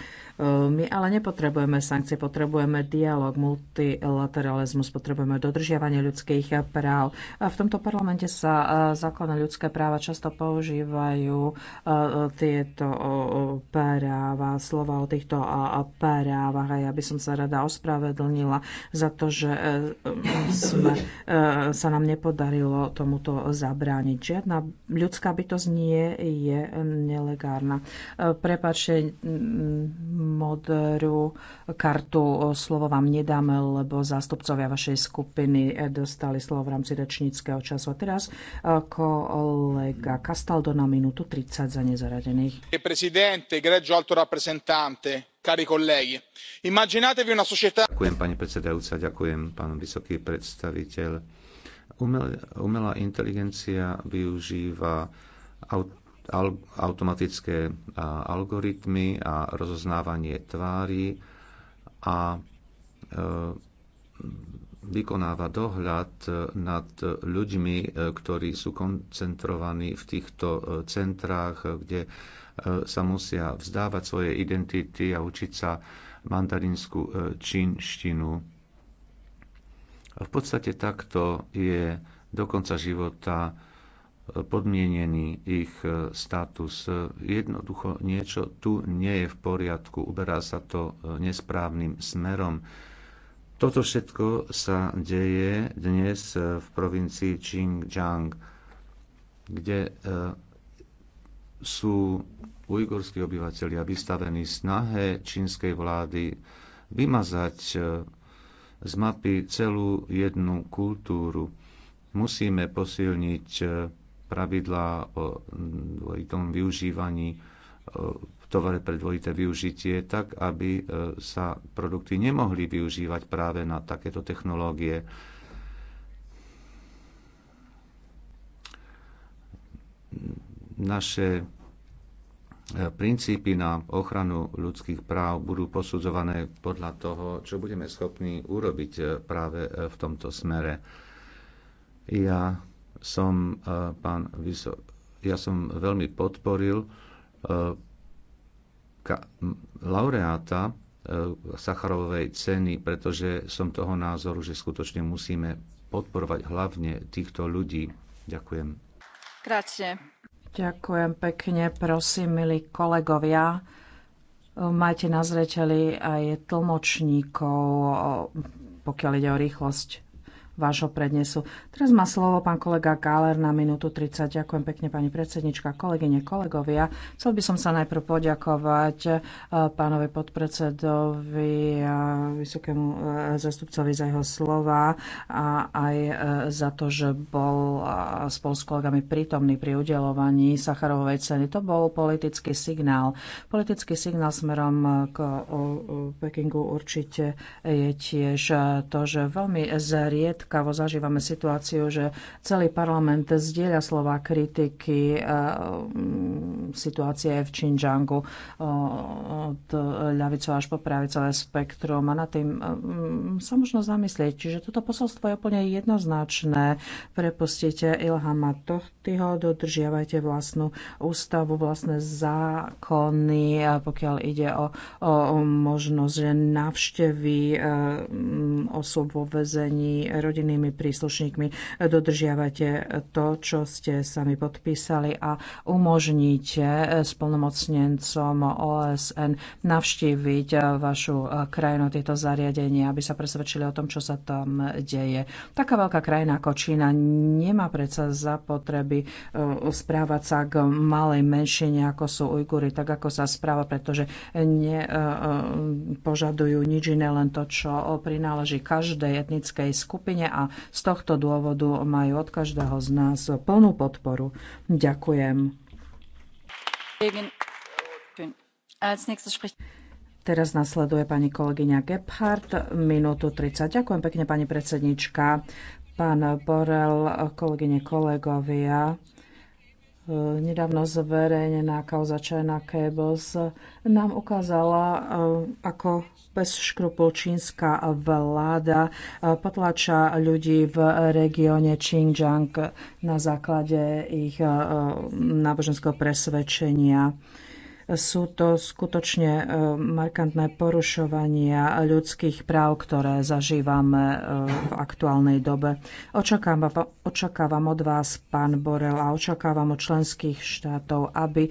My ale nepotrebujeme sankcie, potrebujeme dialog, multilateralizmus, potrebujeme dodržiavanie ľudských práv. V tomto parlamente sa e, základné ľudské práva často používajú e, tieto práva, slova o týchto právach a ja by som sa rada ospravedlnila za to, že e, sme, sa nám nepodarilo tomuto zabrániť. Žiadna ľudská bytosť nie je nelegálna. Prepačte, modrú kartu. Slovo vám nedám, lebo zástupcovia vašej skupiny dostali slovo v rámci rečníckého času. A teraz eh, kolega Castaldo na minútu 30 za nezaradených. Presidente, greggio alto reprezentante. cari colleghi. Immaginatevi una società... Ďakujem, pani predsedajúca, ďakujem, pán vysoký predstaviteľ. Umel, umelá inteligencia využíva aut- automatické algoritmy a rozoznávanie tvári a e, vykonáva dohľad e, nad ľuďmi, e, ktorí sú koncentrovaní v týchto centrách, kde sa musia vzdávať svoje identity a učiť sa mandarínsku čínštinu. V podstate takto je do konca života podmienený ich e, status. Jednoducho niečo tu nie je v poriadku, uberá sa to e, nesprávnym smerom. Toto všetko sa deje dnes e, v provincii Xinjiang, kde sú ujgurskí obyvateľia vystavení snahe čínskej vlády vymazať z mapy celú jednu kultúru. Musíme posilniť pravidlá o dvojitom využívaní v tovare pre dvojité využitie, tak aby e, sa produkty nemohli využívať práve na takéto technológie. Naše e, princípy na ochranu ľudských práv budú posudzované podľa toho, čo budeme schopní urobiť e, práve v tomto smere. Ja som, e, pán Vyso, ja som veľmi podporil e, laureáta e, Sacharovej ceny, pretože som toho názoru, že skutočne musíme podporovať hlavne týchto ľudí. Ďakujem. Krásne. Ďakujem pekne, prosím, milí kolegovia. Majte na zreteli aj tlmočníkov, pokiaľ ide o rýchlosť vášho prednesu. Teraz má slovo pán kolega Káler na minútu 30. Ďakujem pekne, pani predsednička, kolegyne, kolegovia. Chcel by som sa najprv poďakovať e, pánovi podpredsedovi a vysokému e, zastupcovi za jeho slova a aj e, za to, že bol spolu s kolegami prítomný pri udelovaní Sacharovej ceny. To bol politický signál. Politický signál smerom k Pekingu určite je tiež to, že veľmi zriedko Zriedkavo zažívame situáciu, že celý parlament zdieľa slova kritiky e, situácie v Xinjiangu e, od ľavicov až po pravicové spektrum a na tým e, sa možno zamyslieť. Čiže toto posolstvo je úplne jednoznačné. Prepustite Ilhama Tohtyho, dodržiavajte vlastnú ústavu, vlastné zákony, pokiaľ ide o, o možnosť navštevy osob vo vezení rodiny rodinnými príslušníkmi. Dodržiavate to, čo ste sami podpísali a umožníte splnomocnencom OSN navštíviť vašu krajinu tieto zariadenia, aby sa presvedčili o tom, čo sa tam deje. Taká veľká krajina ako Čína nemá predsa potreby e, správať sa k malej menšine, ako sú Ujguri, tak ako sa správa, pretože nepožadujú e, e, nič iné, len to, čo prináleží každej etnickej skupine strane a z tohto dôvodu majú od každého z nás plnú podporu. Ďakujem. Teraz nasleduje pani kolegyňa Gebhardt, minútu 30. Ďakujem pekne, pani predsednička. Pán Borel, kolegyne, kolegovia. E, nedávno zverejnená kauza China Cables nám ukázala, e, ako bez škrupul čínska vláda e, potlača ľudí v regióne Xinjiang na základe ich náboženského presvedčenia. Sú to skutočne e, markantné porušovania ľudských práv, ktoré zažívame e, v aktuálnej dobe. Očakávam, očakávam od vás, pán Borel, a očakávam od členských štátov, aby e,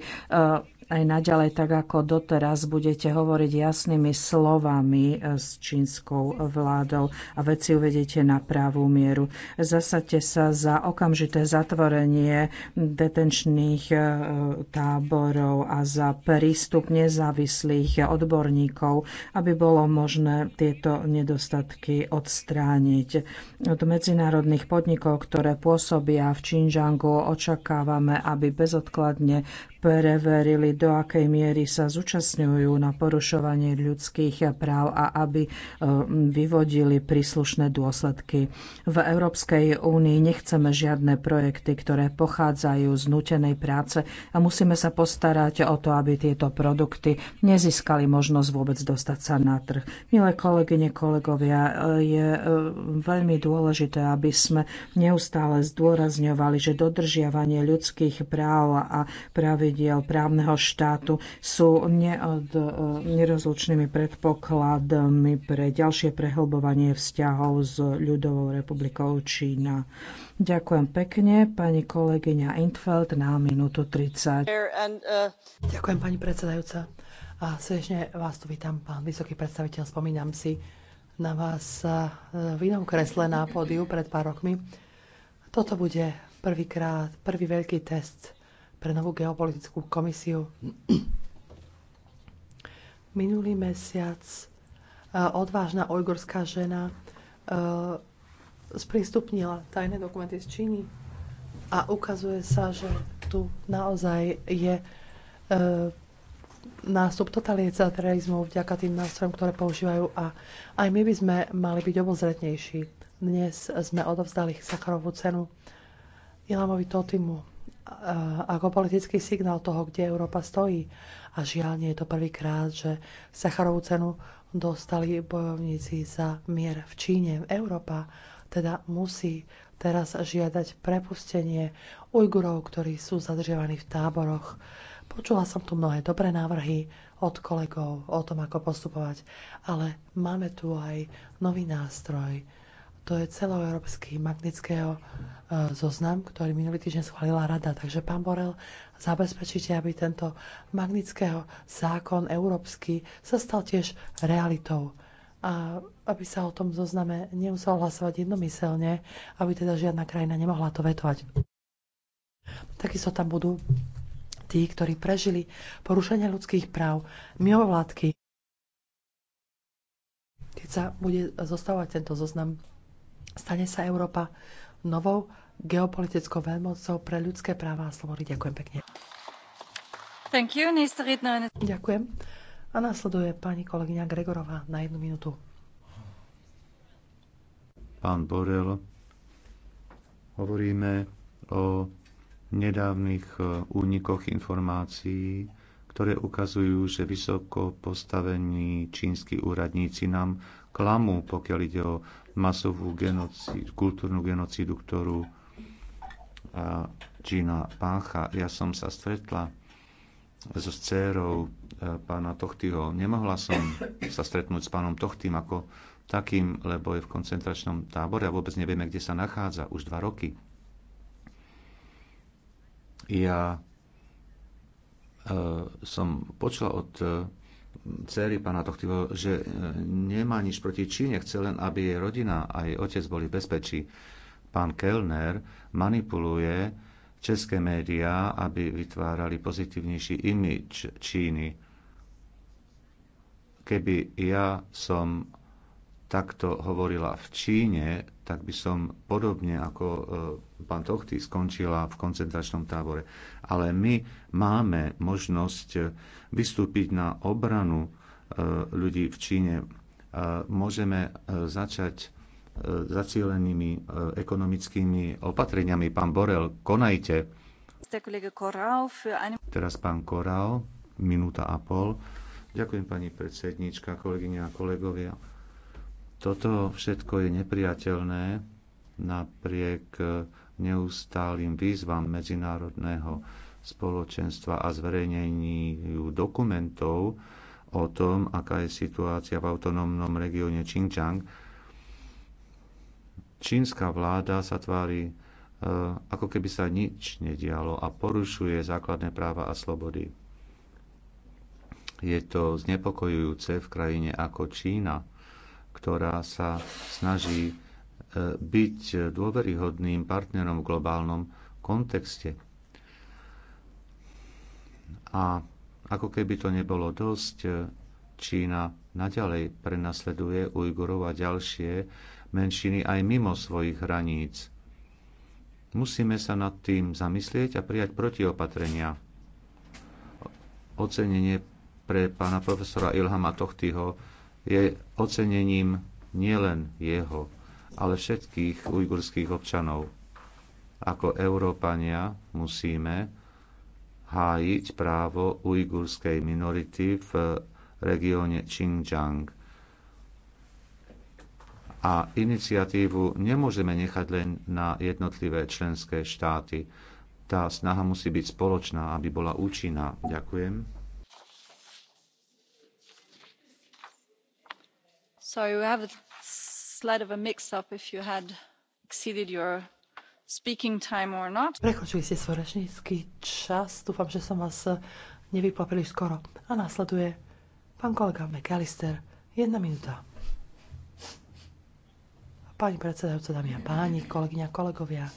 aj naďalej, tak ako doteraz, budete hovoriť jasnými slovami eh, s čínskou vládou a veci uvedete na právú mieru. Zasadte sa za okamžité zatvorenie detenčných eh, táborov a za prístup nezávislých odborníkov, aby bolo možné tieto nedostatky odstrániť. Od medzinárodných podnikov, ktoré pôsobia v Činžangu, očakávame, aby bezodkladne preverili, do akej miery sa zúčastňujú na porušovanie ľudských práv a aby e, vyvodili príslušné dôsledky. V Európskej únii nechceme žiadne projekty, ktoré pochádzajú z nutenej práce a musíme sa postarať o to, aby tieto produkty nezískali možnosť vôbec dostať sa na trh. Milé kolegyne, kolegovia, e, je e, veľmi dôležité, aby sme neustále zdôrazňovali, že dodržiavanie ľudských práv a práv pravidiel právneho štátu sú neod, nerozlučnými predpokladmi pre ďalšie prehlbovanie vzťahov s ľudovou republikou Čína. Ďakujem pekne. Pani kolegyňa Intfeld na minútu 30. Ďakujem pani predsedajúca. A srdečne vás tu vítam, pán vysoký predstaviteľ. Spomínam si na vás e, v inom kresle na pódiu pred pár rokmi. Toto bude prvýkrát, prvý veľký test pre novú geopolitickú komisiu. Minulý mesiac e, odvážna ojgorská žena e, sprístupnila tajné dokumenty z Číny a ukazuje sa, že tu naozaj je e, nástup totalitarizmu vďaka tým nástrojom, ktoré používajú a aj my by sme mali byť obozretnejší. Dnes sme odovzdali Sacharovú cenu Ilamovi Totimu ako politický signál toho, kde Európa stojí. A žiaľ, nie je to prvýkrát, že Sacharovú cenu dostali bojovníci za mier v Číne. Európa teda musí teraz žiadať prepustenie Ujgurov, ktorí sú zadržiavaní v táboroch. Počula som tu mnohé dobré návrhy od kolegov o tom, ako postupovať, ale máme tu aj nový nástroj, to je celoeurópsky magnického e, zoznam, ktorý minulý týždeň schválila rada. Takže, pán Borel, zabezpečíte, aby tento magnického zákon európsky sa stal tiež realitou a aby sa o tom zozname nemuselo hlasovať jednomyselne, aby teda žiadna krajina nemohla to vetovať. Takisto tam budú tí, ktorí prežili porušenie ľudských práv, mimovládky. Keď sa bude zostávať tento zoznam, Stane sa Európa novou geopolitickou veľmocou pre ľudské práva a slobody. Ďakujem pekne. Thank you. Ďakujem. A následuje pani kolegyňa Gregorová na jednu minútu. Pán Borel, hovoríme o nedávnych e, únikoch informácií, ktoré ukazujú, že vysoko postavení čínsky úradníci nám klamu, pokiaľ ide o masovú genocídu, kultúrnu genocídu, ktorú Čína pácha. Ja som sa stretla so dcérou e, pána Tochtyho. Nemohla som sa stretnúť s pánom Tochtym ako takým, lebo je v koncentračnom tábore a vôbec nevieme, kde sa nachádza už dva roky. Ja e, som počula od dcery pána Tochtivo, že e, nemá nič proti Číne, chce len, aby jej rodina a jej otec boli v bezpečí. Pán Kellner manipuluje české médiá, aby vytvárali pozitívnejší imič Číny. Keby ja som takto hovorila v Číne, tak by som podobne ako e, pán Tochty skončila v koncentračnom tábore. Ale my máme možnosť e, vystúpiť na obranu e, ľudí v Číne. Môžeme začať zacielenými ekonomickými opatreniami. Pán Borel, konajte. Teraz pán Korau, minúta a pol. Ďakujem pani predsednička, kolegyne a kolegovia toto všetko je nepriateľné napriek neustálým výzvam medzinárodného spoločenstva a zverejneniu dokumentov o tom, aká je situácia v autonómnom regióne Xinjiang. Čínska vláda sa tvári, e, ako keby sa nič nedialo a porušuje základné práva a slobody. Je to znepokojujúce v krajine ako Čína, ktorá sa snaží e, byť dôveryhodným partnerom v globálnom kontexte. A ako keby to nebolo dosť, e, Čína naďalej prenasleduje Ujgurov a ďalšie menšiny aj mimo svojich hraníc. Musíme sa nad tým zamyslieť a prijať protiopatrenia. Ocenenie pre pána profesora Ilhama Tochtyho je ocenením nielen jeho, ale všetkých ujgurských občanov. Ako Európania musíme hájiť právo ujgurskej minority v regióne Xinjiang a iniciatívu nemôžeme nechať len na jednotlivé členské štáty. Tá snaha musí byť spoločná, aby bola účinná. Ďakujem. so you have a slight of a mix up if you had exceeded your speaking time or not. Prekočili ste svoj rečnícky čas, dúfam, že som vás eh, nevypla príliš skoro. A následuje pán kolega McAllister, jedna minúta. Pani predsedajúca, dámy a páni, kolegyňa, kolegovia,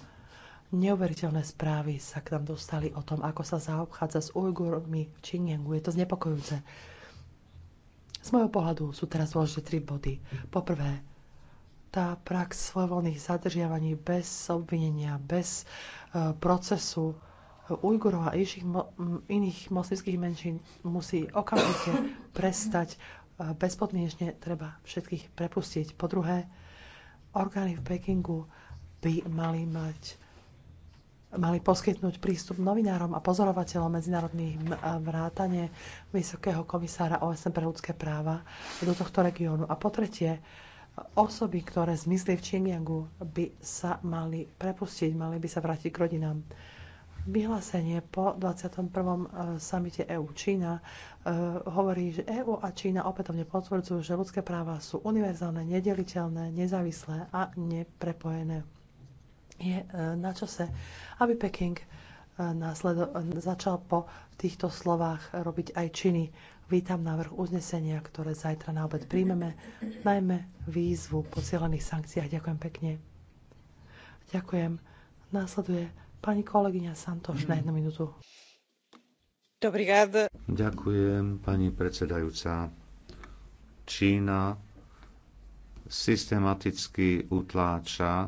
neuveriteľné správy sa k nám dostali o tom, ako sa zaobchádza s Ujgurmi v Činiengu. Je to znepokojúce z môjho pohľadu sú teraz dôležité tri body. Poprvé, tá prax svojvoľných zadržiavaní bez obvinenia, bez e, procesu e, Ujgurov a iných, mo iných moslimských menšín musí okamžite prestať. E, bezpodmienečne treba všetkých prepustiť. Po druhé, orgány v Pekingu by mali mať mali poskytnúť prístup novinárom a pozorovateľom medzinárodných eh, vrátane Vysokého komisára OSN pre ľudské práva do tohto regiónu. A po tretie, osoby, ktoré zmizli v Čingiangu, by sa mali prepustiť, mali by sa vrátiť k rodinám. Vyhlásenie po 21. Eh, samite EU-Čína eh, hovorí, že EU a Čína opätovne potvrdzujú, že ľudské práva sú univerzálne, nedeliteľné, nezávislé a neprepojené. Je e, na čase, aby Peking e, následo- začal po týchto slovách robiť aj činy. Vítam návrh uznesenia, ktoré zajtra na obed príjmeme, najmä výzvu po cieľených sankciách. Ďakujem pekne. Ďakujem. Následuje pani kolegyňa Santoš na jednu minútu. Ďakujem, pani predsedajúca. Čína systematicky utláča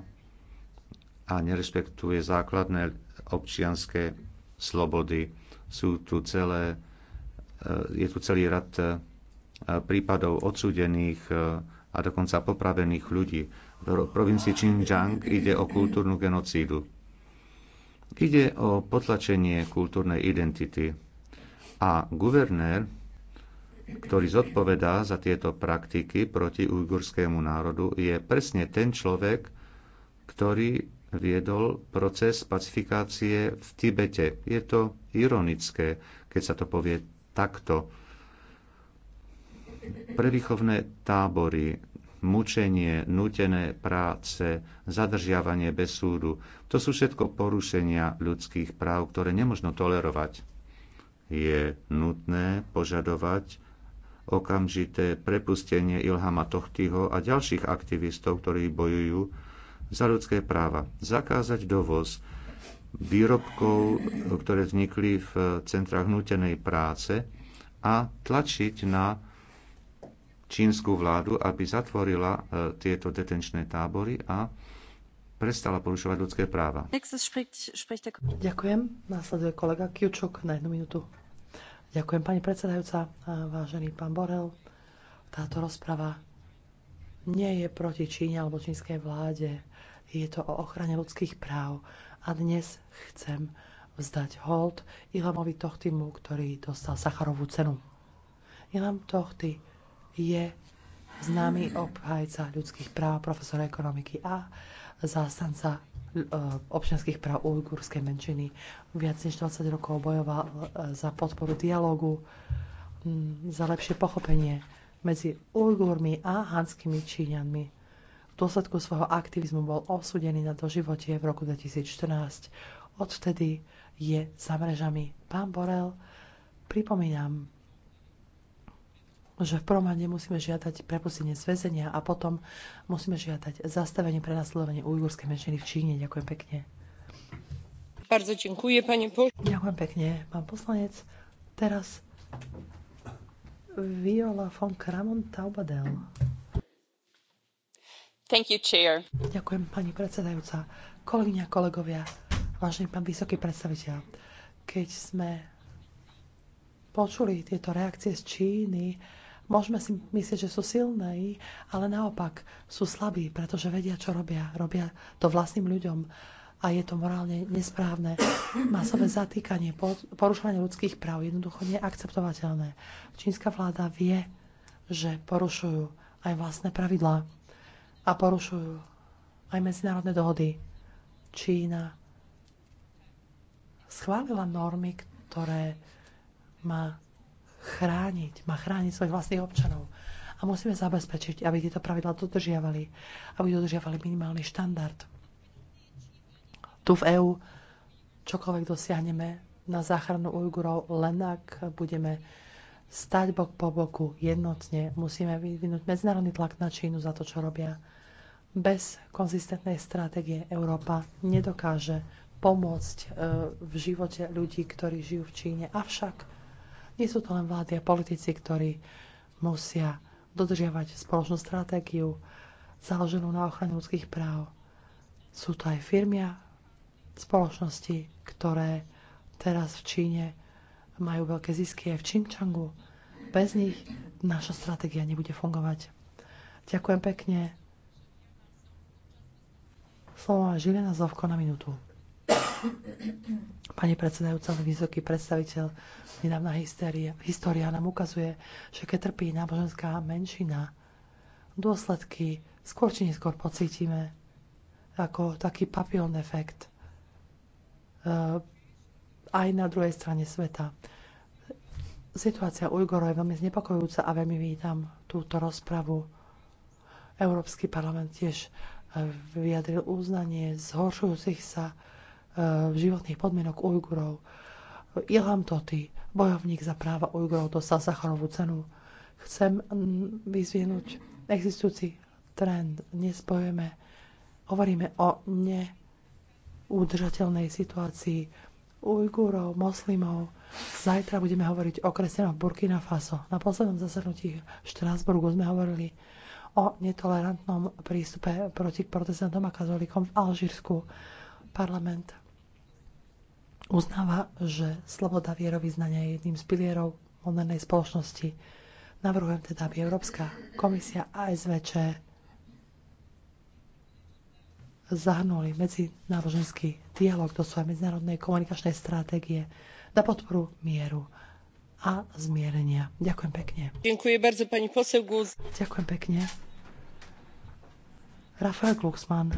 a nerespektuje základné občianské slobody. Sú tu celé, e, je tu celý rad e, prípadov odsúdených e, a dokonca popravených ľudí. V provincii Xinjiang ide o kultúrnu genocídu. Ide o potlačenie kultúrnej identity. A guvernér, ktorý zodpovedá za tieto praktiky proti ujgurskému národu, je presne ten človek, ktorý viedol proces pacifikácie v Tibete. Je to ironické, keď sa to povie takto. Prevýchovné tábory, mučenie, nutené práce, zadržiavanie bez súdu, to sú všetko porušenia ľudských práv, ktoré nemožno tolerovať. Je nutné požadovať okamžité prepustenie Ilhama Tohtyho a ďalších aktivistov, ktorí bojujú za ľudské práva. Zakázať dovoz výrobkov, ktoré vznikli v centrách nutenej práce a tlačiť na čínsku vládu, aby zatvorila e, tieto detenčné tábory a prestala porušovať ľudské práva. Ďakujem. Následuje kolega Kiučuk na jednu minútu. Ďakujem, pani predsedajúca, vážený pán Borel. Táto rozprava nie je proti Číne alebo čínskej vláde je to o ochrane ľudských práv. A dnes chcem vzdať hold Ilamovi Tochtimu, ktorý dostal Sacharovú cenu. Ilam Tochty je známy obhajca ľudských práv, profesor ekonomiky a zástanca e, občianských práv ujgurskej menšiny. Viac než 20 rokov bojoval e, za podporu dialogu, za lepšie pochopenie medzi Ujgurmi a hanskými Číňanmi v dôsledku svojho aktivizmu bol osúdený na doživotie v roku 2014. Odtedy je za mrežami. Pán Borel, pripomínam, že v prvom rade musíme žiadať prepustenie z väzenia a potom musíme žiadať zastavenie prenasledovania ujgurskej menšiny v Číne. Ďakujem pekne. Bardzo dziękuję, panie po... Ďakujem pekne, pán poslanec. Teraz Viola von Kramon Taubadel. Ďakujem, pani predsedajúca. Kolegyňa, kolegovia, vážený pán vysoký predstaviteľ, keď sme počuli tieto reakcie z Číny, Môžeme si myslieť, že sú silné, ale naopak sú slabí, pretože vedia, čo robia. Robia to vlastným ľuďom a je to morálne nesprávne. Masové zatýkanie, porušovanie ľudských práv jednoducho neakceptovateľné. Čínska vláda vie, že porušujú aj vlastné pravidlá a porušujú aj medzinárodné dohody. Čína schválila normy, ktoré má chrániť, má chrániť svojich vlastných občanov. A musíme zabezpečiť, aby tieto pravidlá dodržiavali, aby dodržiavali minimálny štandard. Tu v EÚ čokoľvek dosiahneme na záchranu Ujgurov, len ak budeme stať bok po boku jednotne. Musíme vyvinúť medzinárodný tlak na Čínu za to, čo robia. Bez konzistentnej stratégie Európa nedokáže pomôcť e, v živote ľudí, ktorí žijú v Číne. Avšak nie sú to len vlády a politici, ktorí musia dodržiavať spoločnú stratégiu založenú na ochrane ľudských práv. Sú to aj firmy a spoločnosti, ktoré teraz v Číne majú veľké zisky aj v Činčangu. Bez nich naša stratégia nebude fungovať. Ďakujem pekne Slovo má Žilina Zovko na minútu. Pani predsedajúca, vysoký predstaviteľ, nedávna história nám ukazuje, že keď trpí náboženská menšina, dôsledky skôr či neskôr pocítime ako taký papilon efekt e, aj na druhej strane sveta. Situácia Ujgorov je veľmi znepokojujúca a veľmi vítam túto rozpravu. Európsky parlament tiež vyjadril uznanie zhoršujúcich sa e, životných podmienok Ujgurov. Ilham Toti, bojovník za práva Ujgurov, dostal Sacharovú cenu. Chcem vyzvienúť existujúci trend. Nespojeme, hovoríme o neudržateľnej situácii Ujgurov, moslimov. Zajtra budeme hovoriť o kresťanoch Burkina Faso. Na poslednom zasadnutí v Štrásburgu sme hovorili o netolerantnom prístupe proti protestantom a katolíkom v Alžírsku. Parlament uznáva, že sloboda vierovýznania je jedným z pilierov modernej spoločnosti. Navrhujem teda, aby Európska komisia a SVČ zahrnuli medzináboženský dialog do svojej medzinárodnej komunikačnej stratégie na podporu mieru a zmierenia. Ďakujem pekne. Ďakujem bardzo pani poseł Guz. Ďakujem pekne. Rafael Glucksmann.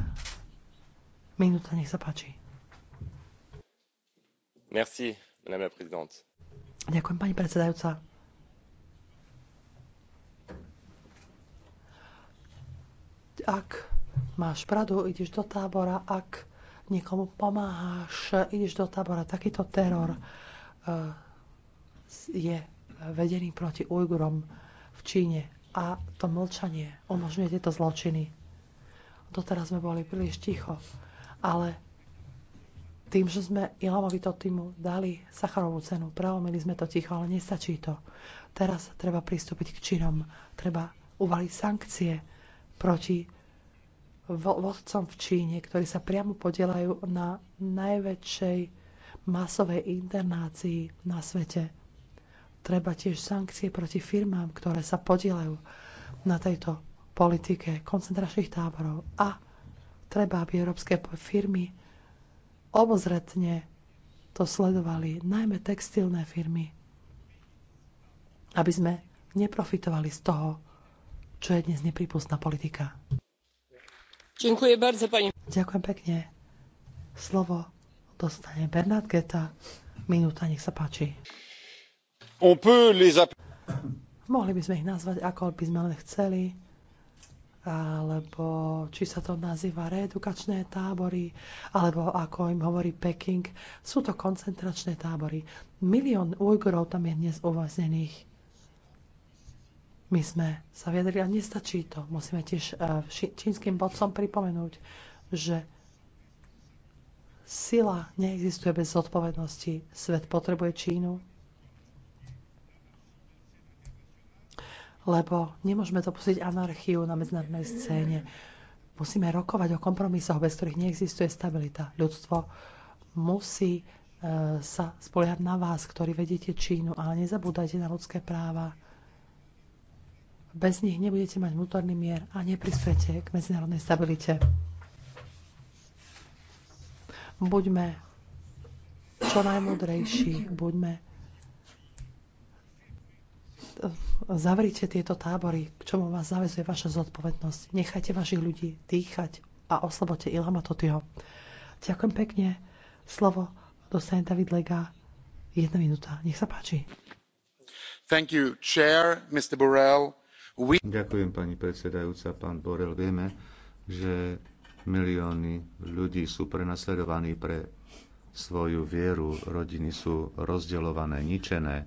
Minúta, nech sa páči. Merci, madame la présidente. Ďakujem, pani predsedajúca. Ak máš pradu, ideš do tábora, ak niekomu pomáhaš, ideš do tábora, takýto teror uh, je vedený proti Ujgurom v Číne a to mlčanie umožňuje tieto zločiny. Doteraz sme boli príliš ticho, ale tým, že sme Ilamovi to týmu dali Sacharovú cenu, prelomili sme to ticho, ale nestačí to. Teraz treba pristúpiť k činom, treba uvaliť sankcie proti vodcom v Číne, ktorí sa priamo podielajú na najväčšej masovej internácii na svete Treba tiež sankcie proti firmám, ktoré sa podielajú na tejto politike koncentračných táborov. A treba, aby európske firmy obozretne to sledovali, najmä textilné firmy, aby sme neprofitovali z toho, čo je dnes nepripustná politika. Ďakujem, bardzo, pani. Ďakujem pekne. Slovo dostane Bernard Geta. Minúta, nech sa páči. On peut les Mohli by sme ich nazvať, ako by sme len chceli, alebo či sa to nazýva reedukačné tábory, alebo ako im hovorí Peking, sú to koncentračné tábory. Milión Ujgurov tam je dnes uvaznených. My sme sa viedli a nestačí to. Musíme tiež eh, čínskym bodcom pripomenúť, že sila neexistuje bez zodpovednosti. Svet potrebuje Čínu, lebo nemôžeme dopustiť anarchiu na medzinárodnej scéne. Musíme rokovať o kompromisoch, bez ktorých neexistuje stabilita. Ľudstvo musí e, sa spoliehať na vás, ktorí vedete Čínu, ale nezabúdajte na ľudské práva. Bez nich nebudete mať vnútorný mier a neprispete k medzinárodnej stabilite. Buďme čo najmudrejší, buďme zavrite tieto tábory, k čomu vás zavezuje vaša zodpovednosť. Nechajte vašich ľudí dýchať a oslobote Ilhama Totyho. Ďakujem pekne. Slovo dostane David Lega. Jedna minúta. Nech sa páči. Thank you, chair, Mr. We... Ďakujem, pani predsedajúca, pán Borel. Vieme, že milióny ľudí sú prenasledovaní pre svoju vieru, rodiny sú rozdeľované, ničené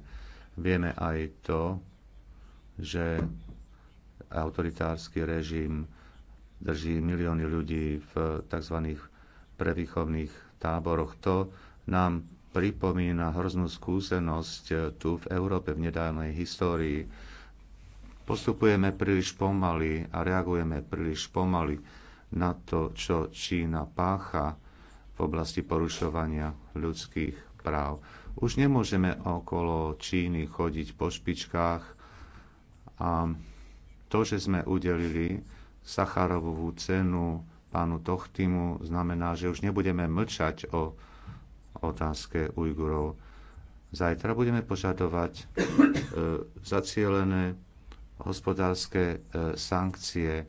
Vieme aj to, že autoritársky režim drží milióny ľudí v tzv. prevýchovných táboroch. To nám pripomína hroznú skúsenosť tu v Európe v nedávnej histórii. Postupujeme príliš pomaly a reagujeme príliš pomaly na to, čo Čína pácha v oblasti porušovania ľudských práv. Už nemôžeme okolo Číny chodiť po špičkách a to, že sme udelili Sacharovú cenu pánu Tochtimu, znamená, že už nebudeme mlčať o otázke Ujgurov. Zajtra budeme požadovať e, zacielené hospodárske e, sankcie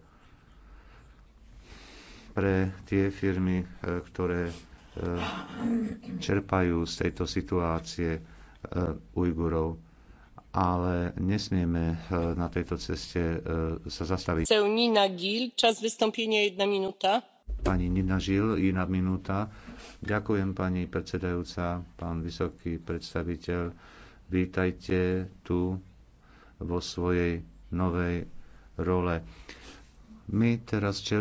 pre tie firmy, e, ktoré Eh, čerpajú z tejto situácie eh, Ujgurov. Ale nesmieme eh, na tejto ceste sa zastaviť. Nina Gil, čas vystąpienia jedna minúta. Pani Nina Gil, jedna minúta. Ďakujem, pani predsedajúca, pán vysoký predstaviteľ. Vítajte tu vo svojej novej role. My teraz čelíme